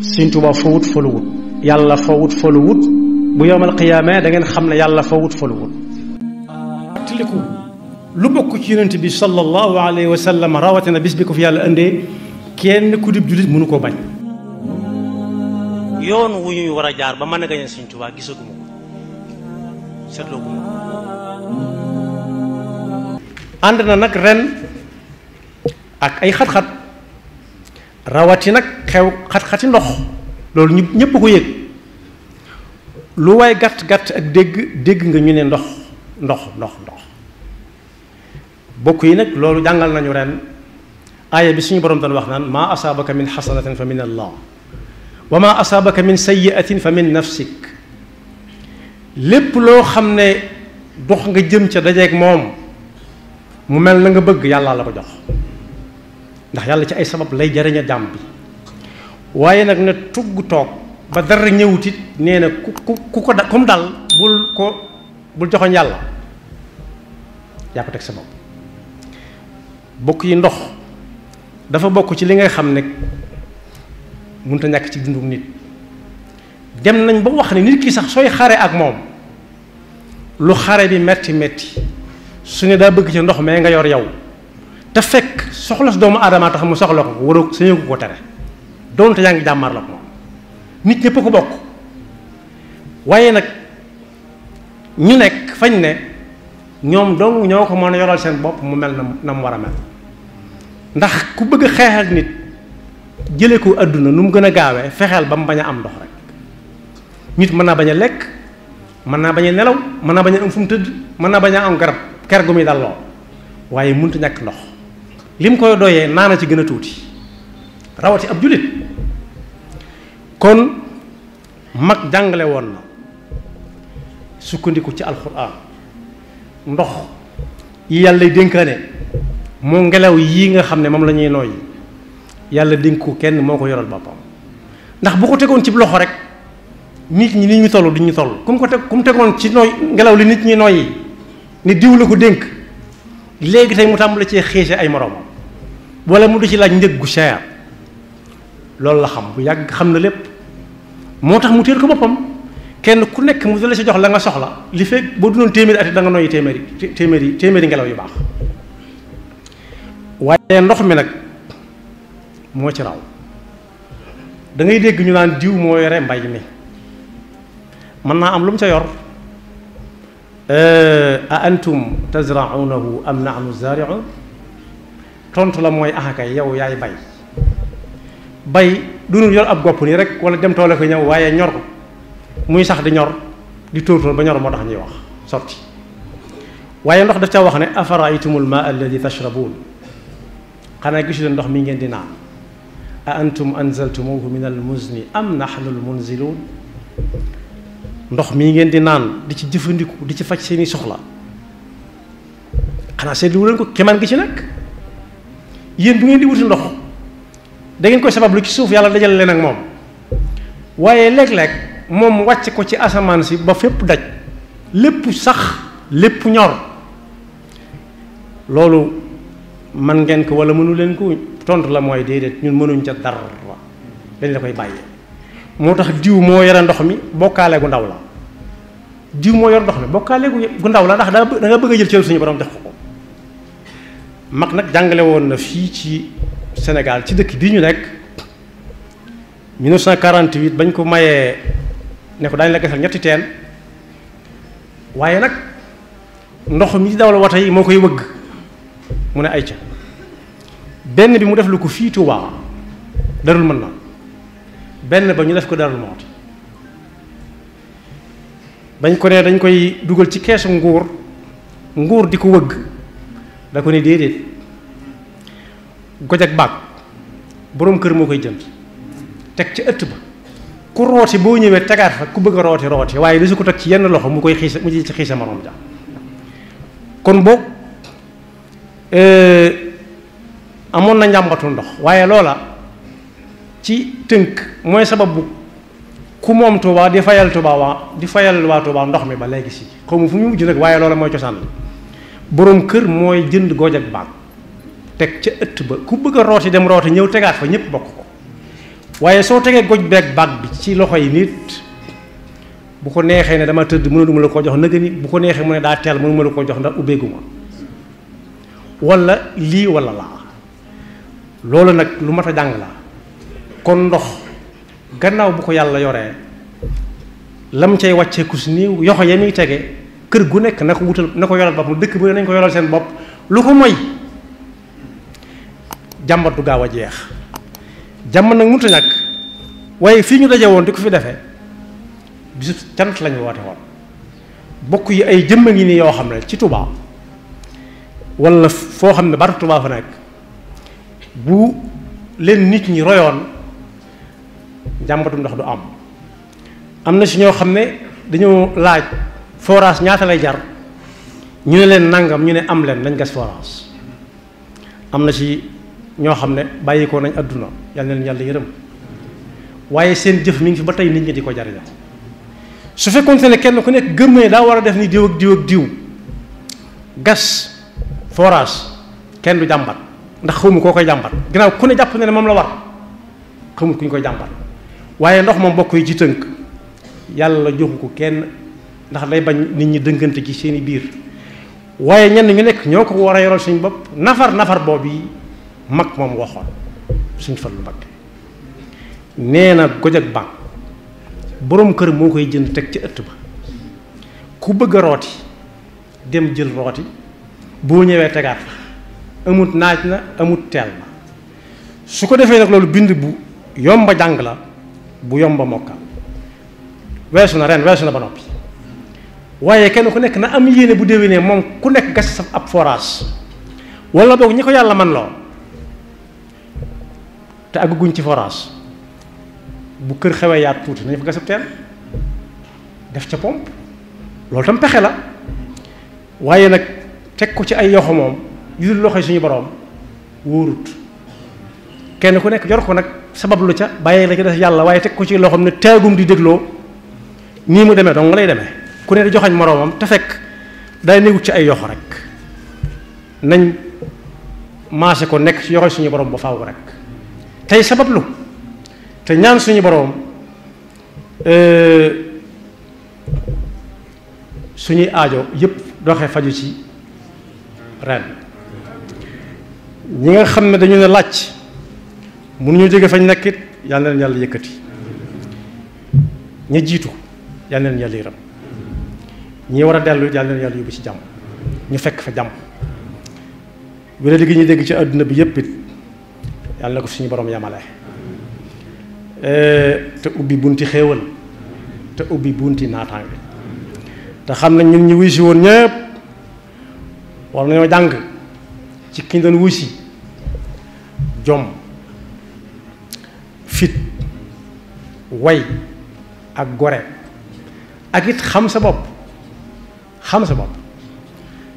Sëñ Tuubaa fa wut fa lu wut yàlla fa wut fa lu wut bu yowmal qiyaama da ngeen xam ne yàlla fa wut fa lu wut. tiliku lu bokk ci yonent bi sallallahu alayhi wa sallam rawatina bis bi ko fi yàlla indee kenn ku dib jullit mënu koo bañ. yoon wu ñuy war a jaar ba mën a gañe Sëñ Tuubaa gisaguma ko seetlooguma ko. ànd na nag ren ak ay xat-xat. rawati nak xew khat khati ndox lolou ñep ñep ko yëg lu way gàtt gàtt ak deg deg nga ñu ne ndox ndox ndox ndox bokku yi nak lolou jàngal nañu ren aya bi suñu borom tan wax nan ma asabaka min hasanatin fa min allah wa ma asabaka min sayiatin fa min nafsik lépp lo xamne dox nga jëm ci dajé ak mom mu mel na nga bëgg yàlla la ko jox ndax yàlla ci ay sabab lay jariña jàmm bi waaye nag na tugg toog ba dara ñëwutit nee na ku ku ku ko comme dal bul ko bul joxoñ yàlla yaa ko teg sa bokk yi ndox dafa bokk ci li ngay xam ne munta ñàkk ci dundum nit dem nañ ba wax ne nit ki sax sooy xare ak moom lu xare bi metti metti su ne daa bëgg ci ndox nga yor yow te fekk soxla doomu adama tax mu soxla ko waroo sañoo ko ko tere ta yaa jamar la ko nit ñepp ko bok waye nak ñu nek fañ ne ñom dong ñoko mëna yoral seen bop mu mel na nam wara mel ndax ku bëgg a nit jëlé ko aduna num gëna gaawé a bam baña am ndox rek nit mëna baña lek mëna baña nelaw mëna baña am fu mu am garab kër gu dal lim koy doyee naana ci gën a tuuti rawati ab jullit kon mag jàngale woon na sukkandiku ci alxuraan ndox yi yàlla dénkaane moo ngelaw yii nga xam ne moom la ñuy nooy yàlla dénk ku kenn moo ko yoral boppam ndax bu ko tegoon cib loxo rek nit ñi ni ñuy toll du ñu toll ku mu ko teg ku mu tegoon ci nooy ngelaw li nit ñuy nooy yi ni diw ko dénk léegi tey mu la cee xiise ay moroomam wala mu du ci laaj njëg gu cher loolu la xam bu yàgg xam na lépp moo tax mu téer ko boppam kenn ku nekk mu dala si jox la nga soxla li fekk boo dunoon téeméeri at da nga noyyi téeméeri téeméeri téeméeri ngelaw yu baax waaye ndox mi nag moo ci raw dangay dégg ñu naan diw moo yore mbay mi mën naa am lu mu ca yor a antum tazraunahu am nahnu zaariun tontu la mooy axakay ah, yow yaay bay bay dunul yor ab gopp nii rek wala dem toole ko ñëw waaye ñor ko muy sax di ñor di tóortóor ba ñor moo tax ñuy wax sotti waaye ndox daf ca wax ne afaraytumul maa alladi tashrabun xanaa gisu ndox mi ngeen di naan a antum anzaltumuhu min al muzni am nahnu l munzilun ndox mii ngeen di naan di ci jëfandiku di ci faj seeni soxla xanaa seetlu leen ko kemaan gi ci nag yéen bu ngeen di wuti ndox dangeen ngeen koy sabablu ci suuf yàlla dajal leen ak moom waaye léeg-léeg moom wàcc ko ci asamaan si ba fépp daj lépp sax lépp ñor loolu man ngeen ko wala mënu leen ko tontu la mooy déedéet ñun mënuñ ca dara dañ la koy bàyyee moo tax diw moo yore ndox mi bokkaale gu ndaw la diw moo yor ndox mi bokkaale gu ndaw la ndax da bëgg a jël cër suñu borom def ko. mag nag jàngale woon na fii ci Sénégal ci dëkk bii ñu nekk 1948 bañ ko mayee ne ko daañu la gasal ñetti teen waaye nag ndox mi ci dawal wata moo koy wëgg mu ne ay ca benn bi mu def lu ko fii Tuubaa darul mën na benn ba ñu def ko darul mooti bañ ko ne dañ koy dugal ci keesu nguur nguur di ko wëgg da ko ne déedéet goj baag boroom kër moo koy jënd teg ci ëtt ba ku rooti boo ñëwee tegaat fa ku bëgg a rooti rooti waaye da su ko teg ci yenn loxo mu koy xiisa mu ci ci xiisa moroom ja kon boog eh, amoon na njàmbatu ndox waaye loola ci tënk mooy sababu ku moom Tuubaa di fayal Tuubaa waa di fayal waa Tuubaa ndox mi ba léegi si xaw ma fu mu mujj nag waaye loola mooy cosaan la boroom kër mooy jënd gooj ak baag teg ca ëtt ba ku bëgg a rooti dem rooti ñëw tegaat fa ñëpp bokk ko waaye soo tegee goj beeg baag bi ci loxo yi nit bu ko neexee ne dama tëdd mënuma la koo jox nëgë ni bu ko neexee mu ne daa teel mënuma la koo jox ndax ubbeeguma walla lii walla laa loolu nag lu mat a jàng la kon ndox gannaaw bu ko yàlla yoree lam cay wàccee kus nii yoxo ya muy tege kër gu nekk na ko wutal na ko yoral boppam dëkk bu nañ ko yoral seen bopp lu ko moy jàmbat du gaaw a jeex jàmm nag mënut a ñàkk waaye fii ñu daje woon di ko fi defee bisu cant la ñu woote woon bokk yi ay jëmm ngi nii yoo xam ne ci Touba wala foo xam ne barab Touba fa nekk bu leen nit ñi royoon jàmbatu ndox du am am na si ñoo xam ne dañoo laaj forage ñaata lay jar ñu ne leen nangam ñu ne am leen nañ gas forage am na ci ñoo xam ne bàyyi nañ àdduna yal na leen yàlla yërëm waaye seen jëf mi ngi fi ba tey nit ñi di ko jariñoo su fekkoonte ne kenn ku nekk gëm daa war a def ni diw ak diw ak diw gas forage kenn du jàmbat ndax xawma koo koy jàmbat ginnaaw ku ne jàpp na ne moom la war xawma ku ñu koy jàmbat waaye ndox moom bokk yi ci tënk yàlla joxu ko kenn ndax lay bañ nit ñi dënkante ci seen biir waaye ñenn ñu nekk ñoo ko war a yoral suñ nafar nafar boobu yi mag moom waxoon suñ fal lu mag nee na goj ak borom kër moo koy jënd teg ci ëtt ba ku bëgg dem jël rooti boo ñëwee tegaat fa amut naaj na amut teel na su ko defee nag loolu bind bu yomba jàng la bu yomba moka. weesu na ren weesu na waaye kenn ku nekk na am yéene bu déwénee moom ku nekk gas sa ab forage wala boog ñi ko yàlla man loo te àgguñ ci forage bu kër xewee yaat tuuti nañ fa gas ab teen def ca pompe loolu tam pexe la waaye nag teg ko ci ay yoxo moom yu dul loxo suñu boroom wóorut kenn ku nekk yor ko nag sabab lu ca bàyyi la ci des yàlla waaye teg ko ci loxoom ne teegum di dégloo nii mu demee dong lay demee. ku ne di joxañ moroomam te fekk day ne ci ay yoxo rek nañ maase ko nekk ci yoxoy suñu borom ba faw rek tey sabablu te ñaan suñu borom e, suñuy aajo yëpp doxe faju ci ren ñi nga xam ne dañu ne laaj mënuñu jóge fañ nekkit yal na leen yàlla yëkkati ña jiitu yal na leen yërëm ñi war a dellu yàlla na yàlla yóbbu ci jàmm ñu fekk fa jàmm wéra gi ñu dégg ci àdduna bi yépp it yàlla na ko suñu borom yamale eh, te ubbi bunti xéewal te ubbi bunti naataange te xam nañ ñun ñi wuy si woon ñëpp war nañoo jàng ci ki doon jom fit way ak gore ak it xam sa bopp xam sa bopp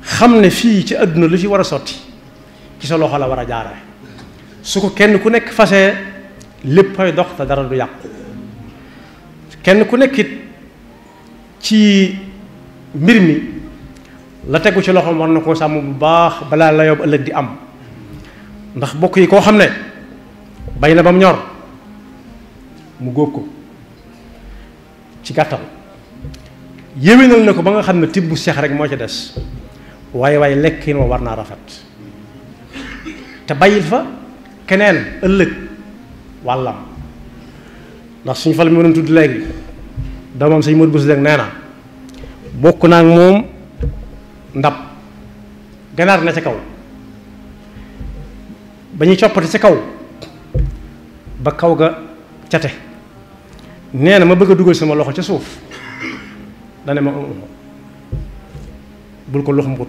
xam ne fii ci àdduna lu ci war a sotti ci sa loxo la war a jaarale su ko kenn ku nekk fasee lépp ay dox te dara du yàqu kenn ku nekkit ci mbir mi la tegu ci loxoom war na koo sàmm bu baax balaa la yóbbu ëllëg di am ndax bokk yi koo xam ne bay na ba mu ñor mu góob ko ci gàttal yéwénal na ko ba nga xam ne tibb seex rek moo ca des waaye waaye lekkin wa war naa rafet te bàyyil fa keneen ëllëg wàllam ndax suñu fal mi doon tudd léegi doomam sëñ Modou Bousso Dieng nee na bokk naa ak moom ndab ganaar na ca kaw ba ñuy coppati ca kaw ba kaw ga cate nee na ma bëgg a dugal sama loxo ca suuf dane ma bul ko lux mbut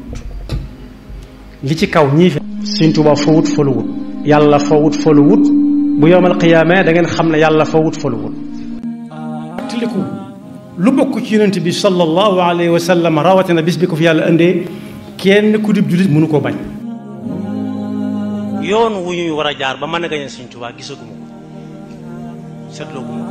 li ci kaw ñii fi Sëñ Tuubaa fa yàlla fa wut fa lu wut bu yowmal qiyaamee da ngeen xam yàlla fa wut fa lu wut fàttaliku lu bokk ci yonent bi sallallahu alayhi wa sallam rawatina bis bi ko fi yàlla indee kenn ku dib jullit mënu koo bañ yoon wu ñuy war a jaar ba mën a gañe Sëñ Tuubaa gisaguma ko seetloo